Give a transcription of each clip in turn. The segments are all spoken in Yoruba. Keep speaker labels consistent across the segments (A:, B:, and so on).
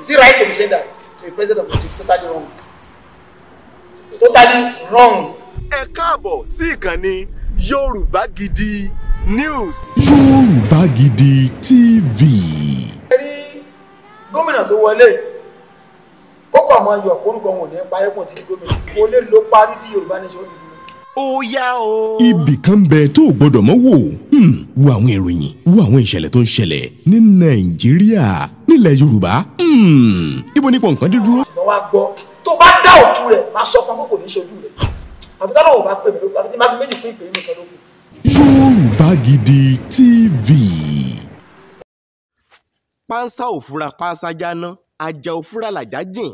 A: Is it right to be saying that? To be president of Egypt, totally wrong. Totally wrong. A káàbọ̀ See ìkànnì Yoruba Gidi News.
B: Yoruba Gidi TV. Ẹ rí
A: gómìnà tó wọlé kókò àmọ́ ayọ̀ orúkọ wọn ò ní parí pọ̀ tí gómìnà kò lè lo parí tí Yorùbá Nation fi ó yá o.
B: ibì kan bẹ tó o gbọ́dọ̀ mọ̀ wò hmm, wo àwọn ìròyìn wo àwọn ìṣẹ̀lẹ̀ tó ń ṣẹlẹ̀ ní nàìjíríà nílẹ̀ yorùbá hmm, ibo nípa nǹkan dídúró.
A: ṣùgbọ́n wàá gbọ́ tó bá dá òtún rẹ̀ máa sọ fún akókò ní ṣojú rẹ̀ àbí tọ́lọ́ ò bá pè mí lóko àbí tí máa fi méjì fún ìpè mi kan lóko.
B: yorùbá gidi tv. pánsá ò fura pánsá jáná ajá ò fura làjá jìn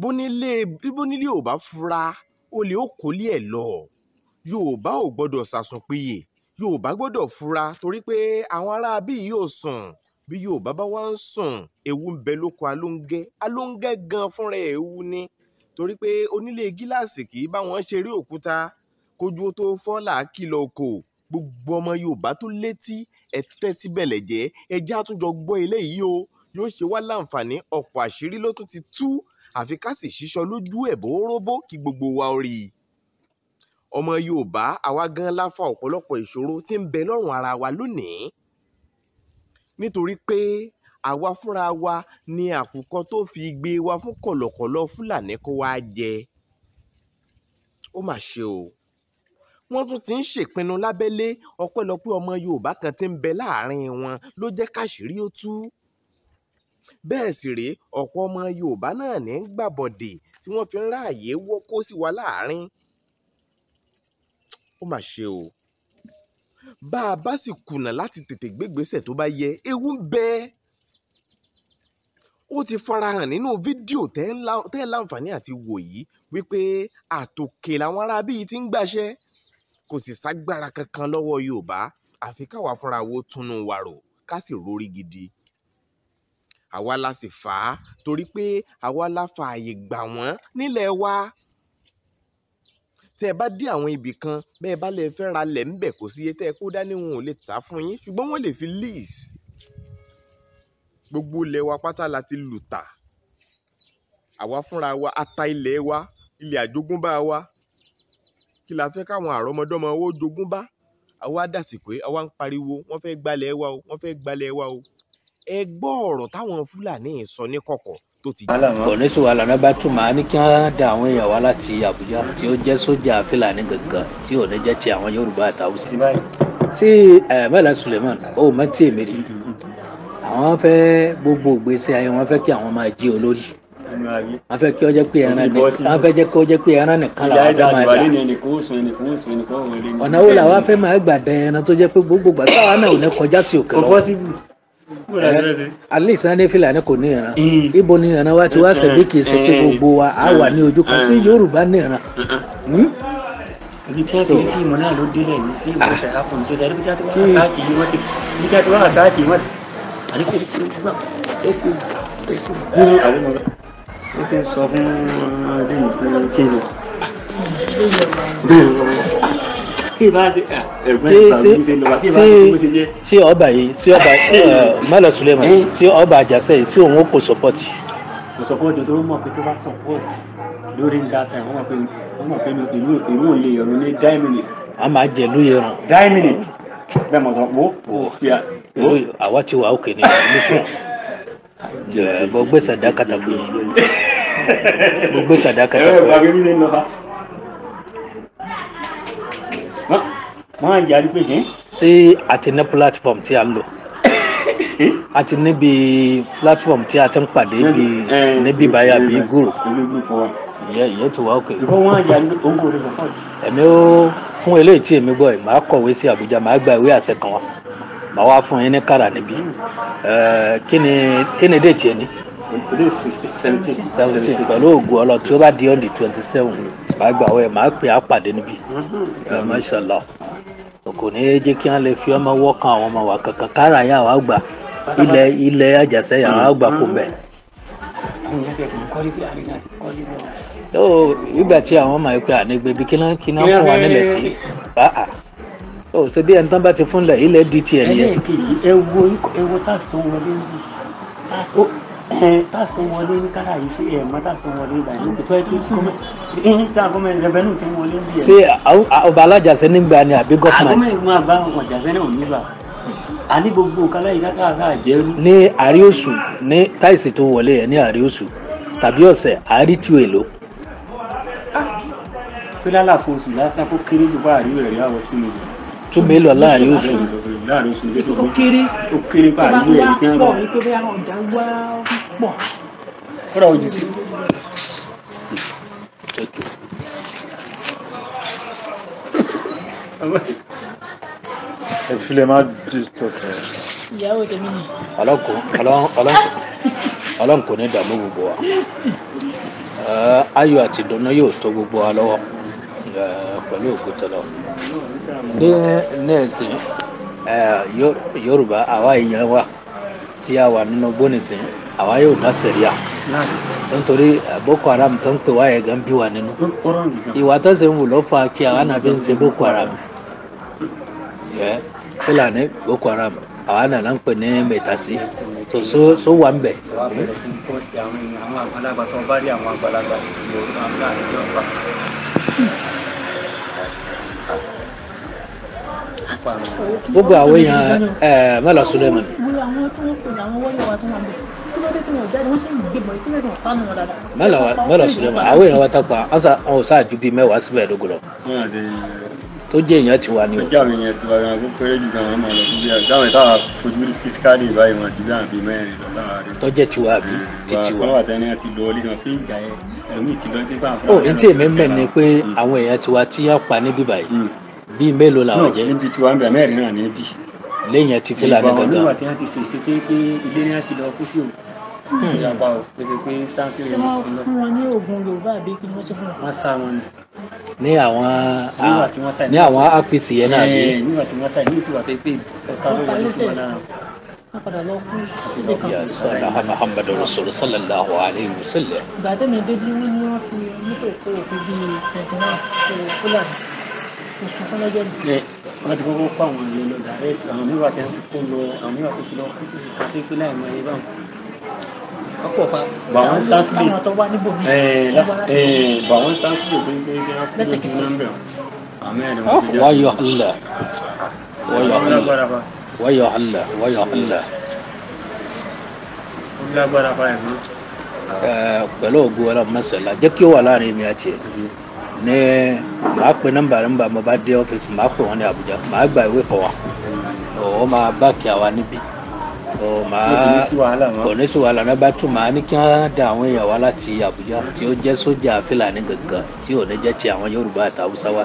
B: bónílé ò bá fura olè ó kólé ẹ̀ lọ yorùbá ò gbọ́dọ̀ sàsùnpìyè yorùbá gbọ́dọ̀ fura torí pé àwọn ará bíi yóò sùn bí yorùbá bá wá ń sùn ewu ń bẹ lóko alóńgẹ alóńgẹ gan fúnra ewu ni torí pé onílé gíláàsì kì í bá wọn ṣeré òkúta kójú ó tó fọ́ làákìlọ̀ oko gbogbo ọmọ yorùbá tó létí ẹ tẹ́tí bẹ̀lẹ̀ jẹ́ ẹjẹ́ àtúnjọ gbọ́ eléyìí o yóò ṣe wá láǹfààní ọ̀pọ̀ àṣírí ló tún ti tú àfi ká sì ṣíṣọ lójú ẹ̀ bó róbó kí gbogbo wa rí i ọmọ yorùbá àwa gan láfa ọ̀pọ̀lọpọ̀ ìṣòro tí ń bẹ lọ́rùn ara wa lónìí nítorí pé àwa fúnra wa ni àkùkọ tó fi igbe wa fún kọ̀lọ̀kọ̀lọ̀ fúlàní kó wá jẹ ó mà ṣe o wọ́n tún ti ń ṣèpinnu lábẹ́lé ọpẹ́lọpẹ́ ọmọ yorùbá kan ti ń bẹ láàrin wọn ló jẹ́ káṣírí ó tú bẹ́ẹ̀ sì rèé ọ̀pọ̀ ọmọ yorùbá náà ní ń gbàbọ̀dè tí wọ́n fi ń ráàyè wọ́kó sí wa láàrin ó mà ṣe o bá a bá sì kùnà láti tètè gbégbèsè tó bá yẹ ewu ń bẹ ó ti farahàn nínú fídíò tẹ́ ẹ láǹfààní àti wò yìí wípé àtòkè làwọn ará bíi ti ń gbàṣẹ́ kò sì ságbára kankan lọ́wọ́ Yorùbá àfi káwa fúnra wo túnú wa rò ká sì rórí gidi àwa la sì fà á torí pé àwa la fààyè gbà wọ́n nílẹ̀ wa tẹ́ ẹ bá dé àwọn ibì kan bẹ́ẹ̀ bá lè fẹ́ ra lẹ̀ ńbẹ̀ kò sí iye tẹ́ ẹ kó dání wọn ò lè tà fún yín ṣùgbọ́n wọ́n lè fi lease gbogbo ilẹ̀ wa pátá la ti lù tà àwa fúnra wa ata ilẹ̀ wa ilẹ̀ àjogúnbá wa kí la fẹ́ káwọn àrọ́mọdọ́mọ owó jogúnbá àwa dàsìkò àwa ń pariwo wọ́n fẹ́ gbalẹ̀ wa o wọ́n fẹ́ gbalẹ̀ wa o ẹ gbọ́ ọ̀rọ̀ táwọn fúlàní sọ ní
C: kọ̀kọ̀ tó ti. ọ̀nà sì wà lànà bá tún màá ní kí wọ́n da àwọn èèyàn wá láti Àbújá tí ó jẹ́ sójà Fúlàní gangan tí ò ní jẹ́ ti àwọn Yorùbá àtàwọn sí. sí Bala Suleiman ó mọ tí èmi rí àwọn fẹ́ gbogbo ìgbésí ayé wọn fẹ́ kí àwọn máa jí olórí wọ́n fẹ́ kí ọ jẹ́ pé ẹran nìkan wọ́n fẹ́ jẹ́ kí ọ jẹ́ pé ẹran nìkan làwọn fẹ́ máa dà ọ̀nà wo làwọn fẹ́ máa gbà dẹ ẹran tó jẹ́ pé gbogbo gbà táwọn náà ò ní kọjá sí òkè lọ́wọ́ alẹ́ ìsànlẹ̀ fìlàní kò ní ìran mm. ibo ni ìran wa ti wá mm-hmm. sẹ̀ bí kì í ṣe pé mm-hmm. gbogbo wa á wà ní ojú kan sí mm-hmm. Yorùbá ní ìran. Hmm? ibi tí wọ́n ti rí fíìmù náà ló délẹ̀ ní fíìmù ọ̀sẹ̀ àpò ní sọ́jà ibi tí wọ́n àtàkì hmm. wọ́n ti ibi tí wọ́n àtàkì wọ́n ti àdísè ti tún náà ètò ètò gbúrú àwọn ọmọ rẹ̀ ó ti sọ fún ọdún ìpínlẹ̀ kéde kí ìbá eh, ṣe ṣe ṣe ọba yìí ṣe ọba eh, eh, mọ́lẹ̀ Suleiman ṣe ọba àjàṣe yìí ṣe òun ó kò sọ́pọ̀tì. kò sọ́pọ̀tì tó mọ̀ pé tó bá sọ́pọ̀tì lórí ń dáta wọ́n mọ̀ pé wọ́n mọ̀ pé ìlú ò lè yọ̀rọ̀ ní nine minutes. a máa jẹ ló yẹ ràn. nine minutes bẹ́ẹ̀ mọ̀ sọ wo wo oh. fìyà. àwa ti wà òkè ní ìlú tí wọ́n gbé sàdákàtà fún yìí gbé sàdákàtà fún yìí. máa yarí pé ní. ṣé a ti ní platform tí a ń lò a ti níbi platform tí a ti ń pàdé níbi báyà bíi gúrò ìyẹn ìyẹn ti wá òkè. ìfọwọ́ wọn yarí pé owó rẹ support. ẹ̀mí ó fún eléyìí tí èmi gbọ́ ẹ̀ máa kọ̀wé sí Àbújá máa gba ìwé àṣẹ kan wa máa wá fún yín ní kàrà níbí eh, kí ni déètì ẹ ní seventeen pẹ̀lú ògùn ọlọ tí ó bá di on the twenty seven màá gbà wẹ̀ màá pè á pàdé níbí
D: mm-hmm.
C: mashallah kò ní í jẹ́ kí wọ́n lè fi ọmọ wọ́kàn àwọn ọmọ wa kankan kára yà wá gbà ilẹ̀ ilẹ̀ àjàṣẹ́ yà wá gbà kò bẹ̀. yóò nígbà tí àwọn ọmọ ìpè ànígbèbí kí náà kí náà fún wa nílẹ̀ sí báà ó ṣe bí ẹni tán bá ti fúnlẹ̀ ilẹ̀ di tiẹ̀ nìyẹn. ẹ wo ẹ wo táàsì tó wọlé ń Eh, táàsì tó wọlé ní kádà yìí sí ẹ̀ẹ̀mọ́ eh, táàsì tó wọlé ìgbà yìí tó ẹ tó kọ́mẹ́ tá kọ́mẹ́ rẹ̀bẹ́nù tó wọlé bí ẹ̀. ṣé ọba alájàsẹ́ nígbà ni àbí gọ́ọ̀mẹ̀ntì. àgọ́mẹ̀ ìgbọ́n àbá ọ̀jàsẹ́ náà nígbà àní gbogbo kálá yìí látàkà jẹ́rú. ní àríòsù ní táìsì tó wọlé ẹ̀ ní àríòsù tàbí ọ̀sẹ̀ àárí tí èlò. pé ah, lálàfo oṣù lásán kó kéré jù bá àríwò rẹ̀ yàwọ̀ tún mi tó mélòó láàrin oṣù. láàrin oṣù ló kéré ó kéré bá àríwò rẹ̀ kí wọ́n rọ̀ pọ̀ kódà ó jù sí. ẹ filẹ̀ máa di tọ̀tọ̀. ìyàwó tèmi ni. ọlọ́nkọ ọlọ́nkọ ní ìdààmú gbogbo wa ayọ̀ àti ìdùnnú yóò tó gbogbo wa lọ́wọ́ pẹ̀lú òkúta lọ. ní nẹ́ẹ̀sì yorùbá àwa èèyàn wa tí a wà nínú gbónìsìn àwa yóò dá sẹ̀ríà nítorí eh, boko haram tó ń pè wá ẹ̀gán bí wà nínú ìwà tó ṣe ń wù lọ́fà kí àwa náà fi ń ṣe boko haram mm. eh, fúlàní boko haram àwa náà là ń pè ní mẹtàsí tó so wà ń bẹ. àwọn àwọn èèyàn àwọn àgbàlagbà eh, sulemani lóde tí wọn ò jáde wọn sì ń gbébọn ìpínlẹ̀ náà pánù wọn àwọn èèyàn wa ta pa àwọn sáà ju bíi mẹ́wàá sí mẹ́ẹ̀ẹ́dógún lọ. tó jẹ́ èèyàn ti wá ní o. ọjà mi yẹn ti wá gan kó péré jù gan wọn máa lọ fún bí i àgbáwọn ìta fojú fisikali báyìí wọn ju bí àwọn bíi mẹ́rin lọ láàárín. tó jẹ́ tiwa àbí eh, ti tiwa. wọ́n wà tẹ́ni àti lọ́ọ́lì náà fi ń jà ẹ́ ẹ̀mí ti lọ sí fáwọn. ó oh, ní tí èmi mẹ́ ni pé àwọn èèyàn tiwa ti yàn pa níbí báyìí hmm. bíi mélòó làwọn jẹ́ lẹ́yìn ti fúlàní gangan. ìgbà olúwa tí wọ́n ti ṣe ṣe pé ilé ní àti lọ kú sí o. Hmm. ìyàpá o pèsè pé sáńtì rẹ̀ ló fún wọn. ṣé wọ́n fún wọn ní oògùn yorùbá àbí kí wọ́n ṣe fún wọn. wọ́n sá wọn ni. ní àwọn ní àwọn apc yẹn náà bí. nígbà tí wọ́n sá ní ìsìwà tó pé ọ̀tá ló wà ní ìsìwà náà. alayhi wa sallam. Ìgbà tẹ́mi dé bí wọ́n ní wọ́n fi mọ́tò kó òfin bíi twenty nine fúlàní ẹ̀sùn fún lọ́jọ́ bí. ẹ wọn ti kọ́kọ́ pa àwọn èèyàn lọ dàrẹ àwọn mìíràn tẹ kó lọ àwọn mìíràn tó ti lọ kó ti kàkí pé láì mọ ẹyẹ báwọn. ọ̀pọ̀ pa bàwọn sáńsìlè àwọn tó wá níbò mí. ẹ bàwọn sáńsìlè pé pé kí wọn kó kí wọn bẹ wáyọ̀ hàlà wáyọ̀ hàlà wáyọ̀ hàlà wáyọ̀ hàlà. pẹ̀lú ògùn ọlọ́mọṣẹ́lá jẹ́ kí ó wà láàrin mi àti ẹ̀ ní màá pe nọ́mbà rẹ nígbà mo bá dé ọ́fíìsì màá pè wọ́n ní Àbújá màá gba ìwé kọ̀ wọ́n ọ̀wọ́ máa báàkì àwa níbi kò ní sí wàhálà náà bá tún màá ní kí wọ́n da àwọn èèyàn wá láti Àbújá tí ó jẹ́ sójà Fúlàní gangan tí ò ní jẹ́ ti àwọn Yorùbá àti Haúsá wa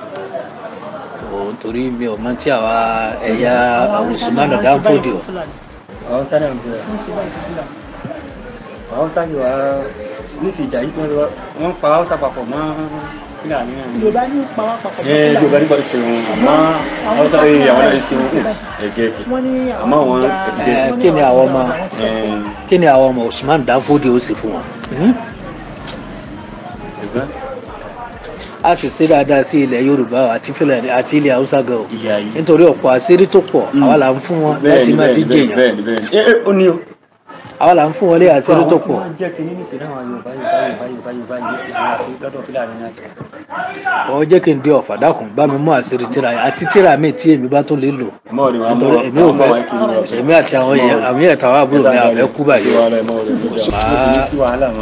C: òun torí mi ò mọ tí àwa ẹ̀yà Usman Danfodiyo. Haúsá náà ń bẹ̀rẹ̀ Haúsá yìí wá ní ìsìjà yìí wọ́n pa Haúsá papọ̀ mọ́ yorùbá ní pàwọ́ papọ̀. ẹ yorùbá ní gbàdúrà ṣeun àmọ́ hausa yìí àwọn náà ṣeun ẹgẹ àmọ́ wọn ẹgẹ. kí ni àwọn ọmọ eh. kí ni àwọn ọmọ Usman Danfodiyo ó sì fún wọn. Hmm? a sì ṣe dáadáa sí ilẹ̀ yorùbá àti fúlàní àti ilẹ̀ haúsá gan o nítorí ọ̀pọ̀ àṣírí tó pọ̀ hmm. àwa là ń fún wọn láti má fi jẹ̀yàn. bẹ́ẹ̀ni bẹ́ẹ̀ni ẹ eh, ẹ eh, ó ní o àwọn là ń fún wọn lé àṣírí tó pọ̀. ọ̀ jẹ́ kí n dé ọ̀fà dákun bá mi mú àṣírí tíra àti tíra mi tí èmi bá tó lè lò. èmi ò fẹ́ èmi àti àwọn yẹn àmì ẹ̀ta wa àbúrò mi àfẹ́ kú báyìí.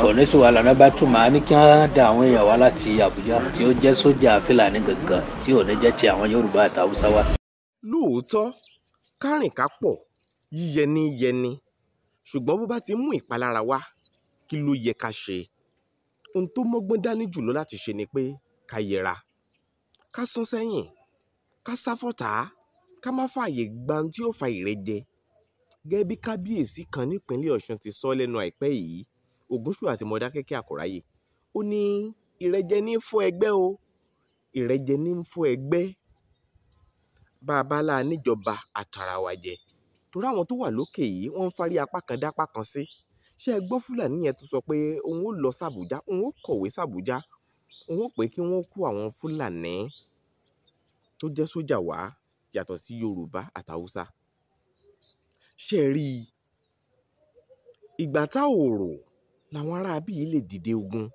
C: kò ní sí wàhálà náà bá tún màá ní kí wọ́n da àwọn èèyàn wá láti Àbújá tí ó jẹ́ sójà Fúlàní gangan tí ò ní jẹ́ ti àwọn Yorùbá àtàwùsáwá.
B: lóòótọ́ kárìnká pọ̀ yíyẹni yẹni ṣùgbọ́n bó bá ti mú ìpalára wá kí ló yẹ ká ṣe ohun tó mọ́gbọ́n dání jùlọ láti ṣe ni pé ká yẹra ká sún sẹ́yìn ká sáfọ́tà ká má fààyè gba ohun tí ó fa ìrẹ́jẹ gẹ́gẹ́ bí kábíyèsí kan nípínlẹ̀ ọ̀ṣun ti sọ lẹ́nu àìpẹ́ yìí ògúnṣùlá àti mọdákẹ́kẹ́ àkọ́ráyè ó ní ìrẹ́jẹ ní fọ́ ẹgbẹ́ o ìrẹ́jẹ ní fọ́ ẹgbẹ́ bá a níjọba àtàràwàjẹ torí àwọn tó wà lókè yìí wọ́n ń fárí apá kan dápá kan sí ṣé ẹ gbọ́ fúlàní yẹn tó sọ pé òun ó lọ sàbújá òun ó kọ̀wé sàbújá òun ó pé kí wọ́n kó àwọn fúlàní tó jẹ́ sójà wá yàtọ̀ sí yorùbá àtàwùsá ṣe rí i ìgbà tá ò rò làwọn ará bíi lè dìde ogun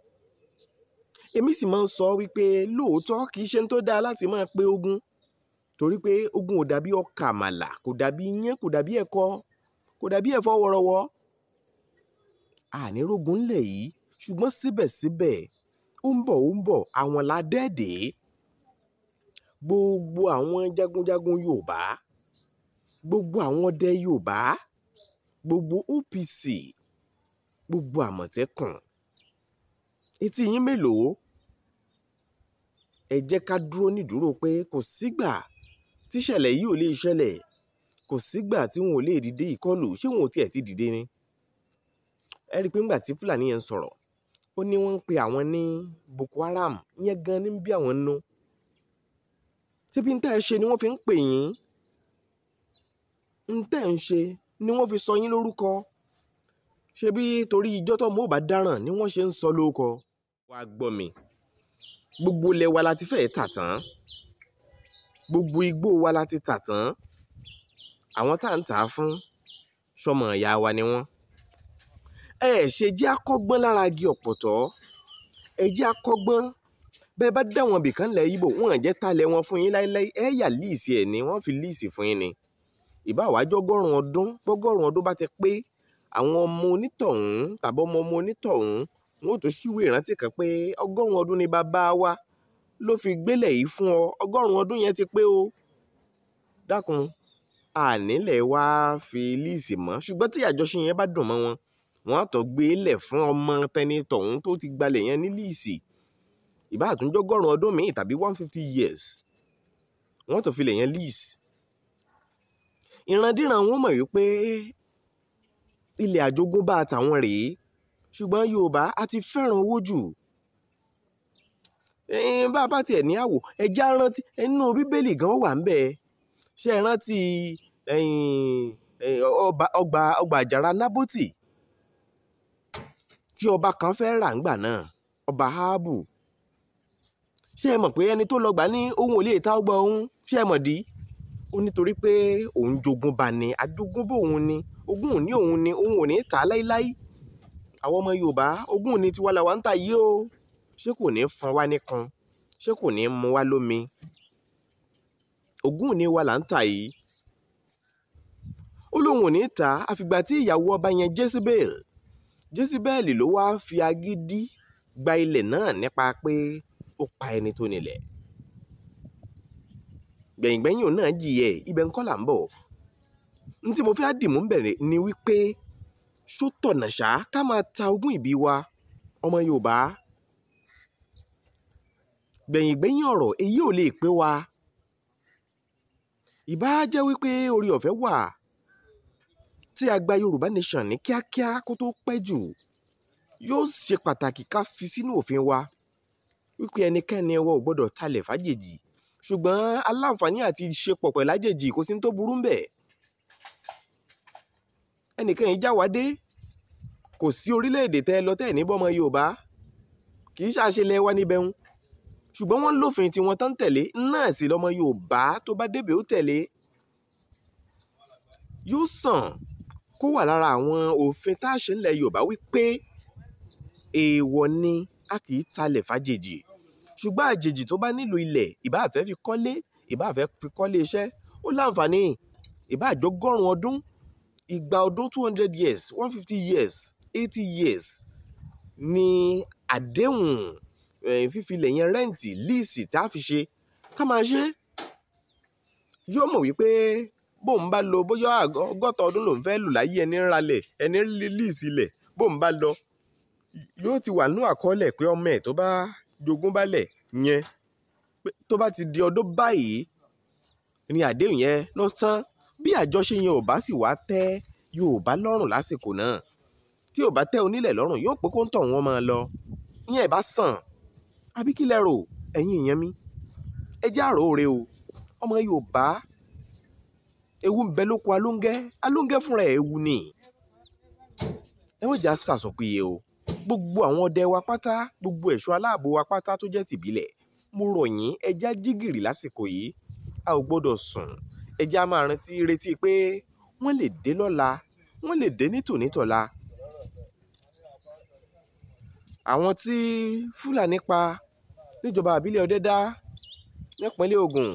B: èmi sì máa ń sọ wípé lóòótọ́ kì ṣe ń tó dáa láti máa pe ogun torí pé ogun ò dàbí ọkà àmàlà kò dàbí iyán kò dàbí ẹ̀kọ kò dàbí ẹ̀fọ́ wọ́rọ́wọ́ ànírógun ńlẹ̀ yìí ṣùgbọ́n síbẹ̀síbẹ̀ ó ń bọ̀ ó ń bọ̀ àwọn la dẹ́ẹ̀dẹ́ gbogbo àwọn jagunjagun Yorùbá gbogbo àwọn ọdẹ Yorùbá gbogbo OPC gbogbo Àmọ̀tẹ́kùn etí yín mélòó ẹ jẹ́ ká dúró nídúró pé kò sígbà tíṣẹ̀lẹ̀ yìí ò lè ṣẹlẹ̀ kò sígbà tí wọn ò lè dìde ìkọlù ṣé wọn ò tiẹ̀ ti dìde ni ẹ rí i pé ńgbà tí fúlàní yẹn ń sọ̀rọ̀ ó ní wọ́n ń pe àwọn ní boko haram ìyẹn gan ni ń bí àwọn nú síbi ń tẹ́ ẹ ṣe ni wọ́n fi ń pè yín ń tẹ́ ẹ ń ṣe ni wọ́n fi sọ yín lórúkọ ṣebí torí ijọ́ tó mú bá dáràn ni wọ́n ṣe ń sọ lórúkọ wàá gbọ́ mi gbogbo ilẹ̀ la ti fẹ́ẹ́ tà tán gbogbo igbó wa la ti tà tán àwọn tá à ń tà á fún sọmọ ìyá wa ni wọ́n ẹ ṣe jẹ́ akọ́gbọ́n lára igi ọ̀pọ̀tọ́ ẹ jẹ́ akọ́gbọ́n bẹ́ẹ̀ bá dá wọn bìkan lẹ̀ yíbò wọn jẹ́ talẹ̀ wọn fún yín láéláé ẹ yà líìsì ẹ̀ ni wọ́n fi líìsì fún yín ni ìbá wàá jọ́gọ́rùn ọdún gbọ́gọ́rùn ọdún bá ti pé àwọn ọmọ onítọ̀hún tàbí ọmọ ọmọ onítọ̀hún wọn ò tó ṣíwèé ìrántí kan pé ọgọ́rùn ọdún ni bàbá wa ló fi gbélẹ̀ yìí fún ọ ọgọ́rùn-ún ọdún yẹn ti pé o dákun ànílẹ̀ wá fi líìsì mọ́ ṣùgbọ́n tí àjọṣe yẹn bá dùn mọ́ wọn wọ́n á tọ́ gbé lẹ̀ fún ọmọ tẹni tọ̀hún tó ti gbalẹ̀ yẹn ní líìsì ìbá àtúndọ́gọ́rùn ọdún míì tàbí one fifty years wọ́n tó filẹ̀ yẹn líìsì ìrandíran wọn mọ̀ wípé ilẹ̀ àjogúnbá àtàwọn rèé ṣùgbọ́n Yorùbá a ti fẹ́ràn owó jù bá a bá tiẹ̀ ní àwò ẹja rántí inú bíbélì gan wà ń bẹ̀ ṣe é rántí ọgbà ọgbà àjàrà nábótì tí ọba kan fẹ́ rà ńgbà náà ọba áàbù ṣé ẹ mọ̀ pé ẹni tó lọ́gbà ní ohun ò lè ta ọgbà ọ̀hún ṣé ẹ mọ̀ dí ó nítorí pé òun jogun bá ní adógúnbó òun ni ogún òní òun ni òun ò ní ta láíláí àwọn ọmọ Yorùbá ogún òní tiwa làwa ń ta yìí o ṣé kò ní fún wa níkan ṣé kò ní mu wá lómi ogún òní wa là ń tà yìí ó lóun ò ní ta àfìgbà tí ìyàwó ọba yẹn Jezebel Jezebel ló wáá fi agídí gba ilẹ̀ náà nípa pé ó pa ẹni tó nílẹ̀ gbẹ̀yìngbẹ̀yìn òun náà jìyẹ ibẹ̀ ńkọ́ là ń bọ̀ n tí mo fẹ́ dìmú bẹ̀rẹ̀ ni wípé ṣó ṣá ká máa ta ogún ìbí wa ọmọ Yorùbá gbẹ̀yìngbẹ̀yìn ọ̀rọ̀ èyí ò lè pé wa ìbá jẹ́ wípé orí ọ̀fẹ́ wà tí a gba Yorùbá Nation ní kíákíá kó tó pẹ́ jù yóò ṣe pàtàkì ká fi sínú òfin wa wípé ẹnikẹ́ni ọwọ́ ò gbọ́dọ̀ talẹ̀ fájèjì ṣùgbọ́n aláǹfààní àti ìṣepọ̀ pẹ̀lú àjèjì kò sí ní tó burú mbẹ̀ ẹnìkan jáwádé kò sí orílẹ̀-èdè tẹ́ ẹ ní bọ́mọ Yorùbá kì í ṣàṣelẹ̀ wa níbẹ̀ ń ṣùgbọ́n wọ́n lófin tí wọ́n tán tẹ̀lé náà sì lọ́mọ Yorùbá tó bá débẹ̀ ó tẹ̀lé yóò sàn kó wà lára àwọn òfin tá a ṣe ńlẹ̀ Yorùbá wípé èèwọ̀ ni a kì í talẹ̀ fàjèjì ṣùgbọ́n àjèjì tó bá nílò ilẹ̀ ìbá àfẹ́ fi kọ́lé ìbá àfẹ́ fi kọ́lé iṣẹ́ ó láǹfààní ìbá àjọgọ́rùn ọdún ìgbà ọdún two hundred years one fifty years eighty years ni àdéhùn fífi ilẹ̀ yẹn rẹ́ǹtì líìsì tá a fi ṣe ká máa ṣe é yóò mọ̀ wípé bóun bá lọ bóyá ọgọ́ta ọdún lòun fẹ́ lù láyé ẹni ralẹ̀ ẹni líìsì ilẹ̀ bóun bá lọ yóò ti wà nú àkọọ́lẹ̀ pé ọmọ ẹ̀ tó bá jogún balẹ̀ yẹn tó bá ti di ọdún báyìí ni àdéhùn yẹn ló tán bí àjọṣe yẹn ò bá sì wá tẹ́ Yorùbá lọ́rùn lásìkò náà tí ò bá tẹ́ onílẹ̀ lọ́rùn yóò pé kó ń tọ̀ wọ́n máa lọ ìyẹn ì bá sàn àbí kí lẹ rò ẹ̀yin èèyàn mi ẹ jẹ́ àròore o ọmọ Yorùbá ewu ń bẹ lóko alóńgẹ́ alóńgẹ́ fúnra ẹ̀ ewu ni ẹ wọ́n jà sàsọ̀pìyẹ o gbogbo àwọn ọdẹ wa pátá gbogbo ẹ̀ṣọ́ aláàbò wa pátá tó jẹ́ tìbílẹ̀ mo rọ̀ yín ẹja jígìrì lásìkò yìí a ò gbọ́dọ̀ sùn ẹja máa rántí retí pé wọ́n lè dé lọ́la wọ́n lè dé nítònítọ̀la àwọn tí fúlàní pa níjọba àbílẹ̀ ọdẹ́dá nípínlẹ̀ ogun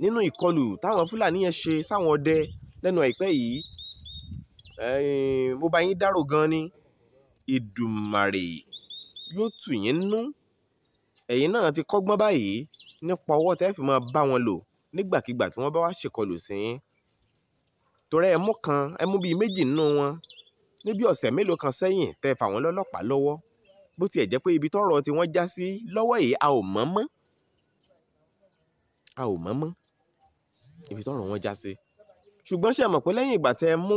B: nínú ìkọlù táwọn fúlàní yẹn ṣe sáwọn ọdẹ lẹ́nu àìpẹ́ yìí mo bá yín dárò gan ni ìdùmàrè yóò tù yín nú ẹ̀yin náà ti kọ́gbọ́n báyìí nípa ọwọ́ tẹ́ fi máa bá wọn lò nígbàkigbà tí wọ́n bá wá ṣèkọlù sí yín torí ẹ mú kan ẹ mú bíi méjì nínú wọn ní bí ọ̀sẹ̀ mélòó kan sẹ́yìn tẹ́ fà wọ́n lọ́lọ́pàá lọ́wọ́ bó tiẹ̀ jẹ́ pé ibi tọ́rọ̀ tí wọ́n já sí lọ́wọ́ yìí a ò mọ̀ mọ́ a ò mọ̀ mọ́ ibi tọ́rọ̀ wọn já sí ṣùgbọ́n ṣe mọ̀ pé lẹ́yìn ìgbà tẹ́ mú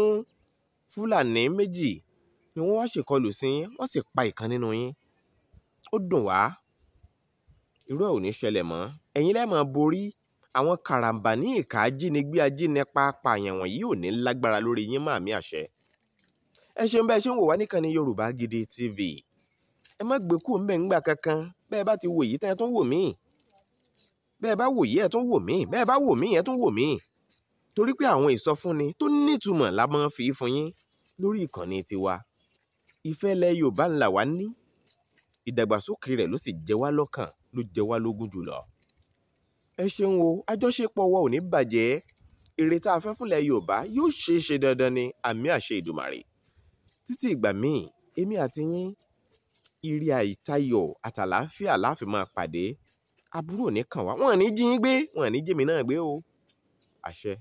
B: fúlàní méjì ni wọ́n wá ṣèkọlù sí yín wọ́n sì pa ìkan nínú yín ó dùn wá irú ẹ̀ ò ní ṣẹlẹ̀ mọ́ ẹ̀yin lẹ́ẹ̀ máa borí àwọn karambà ní ìka ajínigbé ajínẹpa apààyàn wọ̀nyí ò ní lágbára lórí yín máàmí àṣẹ ẹ ṣeun bẹ́ẹ̀ ṣe ń wò wá níkànnì Yorùbá Gidi TV ẹ má gbé kú ńbẹ̀ ńgbà kankan bẹ́ẹ̀ bá ti wò yìí tán ẹ tún wò míì bẹ́ẹ̀ bá wò yìí ẹ tún wò míì bẹ́ẹ̀ bá wò míì ẹ tún wò míì torí pé àwọn ìsọfúnni tó nítumọ̀ la máa ń fi fún yín lórí ìkànnì tiwa ìfẹ́ ilẹ̀ Yorùbá ńlá wa ní ìdàgbàsókè rẹ̀ ló sì jẹ wá lọ́kàn ló jẹ wá lógún jùlọ ẹ ṣeun o àjọṣepọ̀ wa ò ní bàjẹ́ èrè tá Yorùbá yóò ṣeé ṣe dandan ni àmì àṣẹ Ìdùmàrè títí ìgbà míì èmi àti yín ire àìtayọ̀ àtàlàáfíà la fi máa pàdé aburú ò ní kàn wá wọn ò ní jí yín gbé wọn ò ní jèmi náà gbé o àṣẹ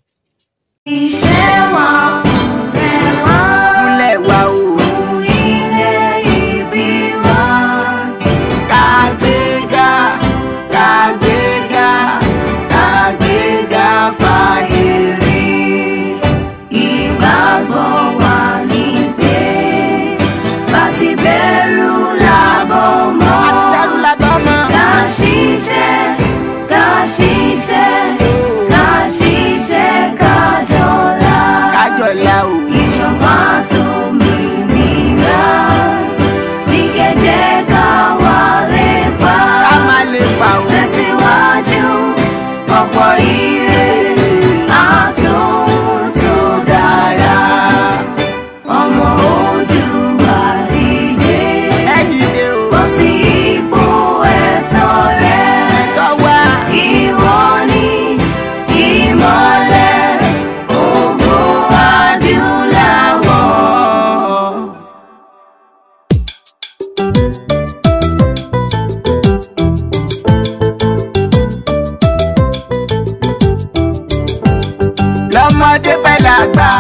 D: lágbà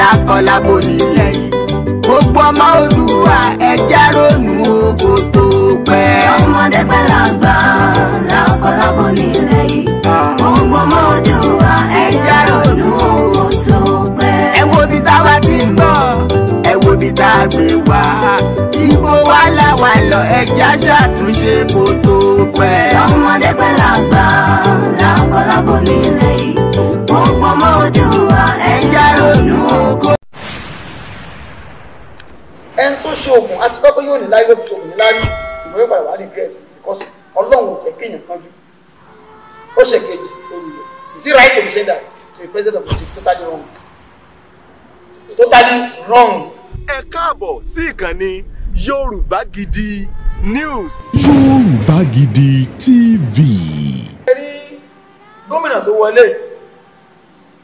D: lákọlábo nílẹ̀ yìí gbogbo ọmọ Oòduà ẹja ronú ogo tó pẹ́. ọmọdé pẹ́ làgbà lákọlábo nílẹ̀ yìí gbogbo ọmọ Oòduà ẹja ronú ogo tó pẹ́. ẹ wo bí táwa ti ń bọ̀ ẹ wo bí tá a gbé wá ibo wa làwa lọ ẹja ṣàtúnṣe kó tó pẹ́. ọmọdé pẹ́ làgbà lákọlábo nílẹ̀
A: oògùn àti kọ́kọ́ yóò ní láyé lóbi tó ní láyé ìwé padà wà regret because ọlọ́run ò fẹ́ kéèyàn kánjú ó ṣe kejì lórí rẹ̀ is it right to be saying that to the president of the chief totally wrong totally wrong. ẹ káàbọ̀ sí ìkànnì Yorùbá Gidi News.
B: Yorùbá Gidi TV. ẹ rí
A: gómìnà tó wọlé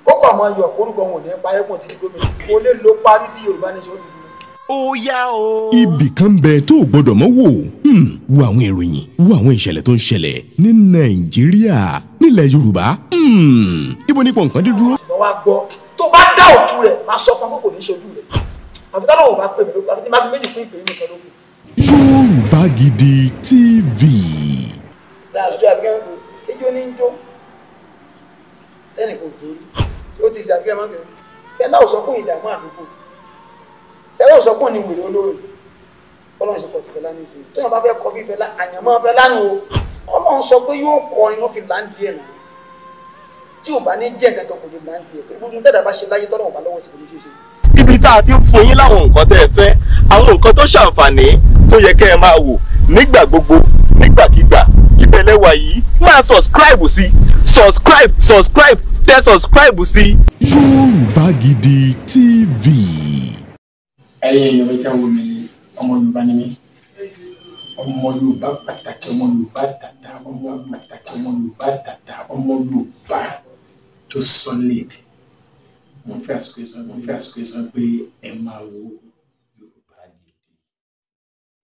A: kókò àwọn ayọ̀ orúkọ wọn ò ní parí pọ̀ tí gómìnà kò lè lo parí tí Yorùbá Nation dúdú ó yá o.
B: ibì kan bẹ tó o gbọdọ̀ mọ́ wò hmm, wo àwọn ìròyìn wo àwọn ìṣẹ̀lẹ̀ tó ń ṣẹlẹ̀ ní nàìjíríà nílẹ̀ yorùbá hmm, ibo ní pọ̀nkan dídúró. àṣùwọ̀n
A: wa gbọ́ tó bá dá òtún rẹ̀ máa sọ fún akókò ní ṣojú rẹ̀ àfi tá lóun bá pè mí lóko àfi tí máa fi méjì fún ìpè nìkan lóko.
B: yorùbá gidi tv.
A: ṣàṣù àbíkẹ́wò ẹjọ́ ní jó ẹnì kò jó ó ti ṣàbíkẹ́wò fẹ́ láwùsọ fún ìdààmú àdúgbò tẹ́lẹ̀ òsọ́pọ̀ ni wèrè olórí ọlọ́run sọ pé ti fẹ́lá ní ìsìn tó yàn bá fẹ́ kọ bí fẹ́lá àyànmọ́ fẹ́lá nù o ọlọ́run sọ pé yóò kọ inú fi láǹdì ẹ̀ nà tí ò bá ní jẹ́ kankan kò lè láǹdì ẹ̀ kí gbogbo tẹ́lẹ̀ bá ṣe láyé tọ́lọ́run bá lọ́wọ́ sí kò ní ṣe é ṣe. ibi tá a ti ń fún yín láwọn nǹkan tẹ́ ẹ fẹ́ àwọn nǹkan tó ṣàǹfààní tó yẹ kẹ́ ẹ máa wò nígbà gbogbo nígbàkigbà ìbẹ̀lẹ́wà yìí máa
B: subscribe sí subscribe subscribe tẹ subscribe sí. Yorùbá Gidi TV
A: ẹ̀yin èèyàn mi tẹ́ ń wo mi ni ọmọ Yorùbá ni mí ọmọ Yorùbá pàtàkì ọmọ Yorùbá tàtà ọmọ pàtàkì ọmọ Yorùbá tàtà ọmọ Yorùbá tó solid mo fẹ́ àsìkò ìsọ mo fẹ́ àsìkò ìsọ pé ẹ máa wo.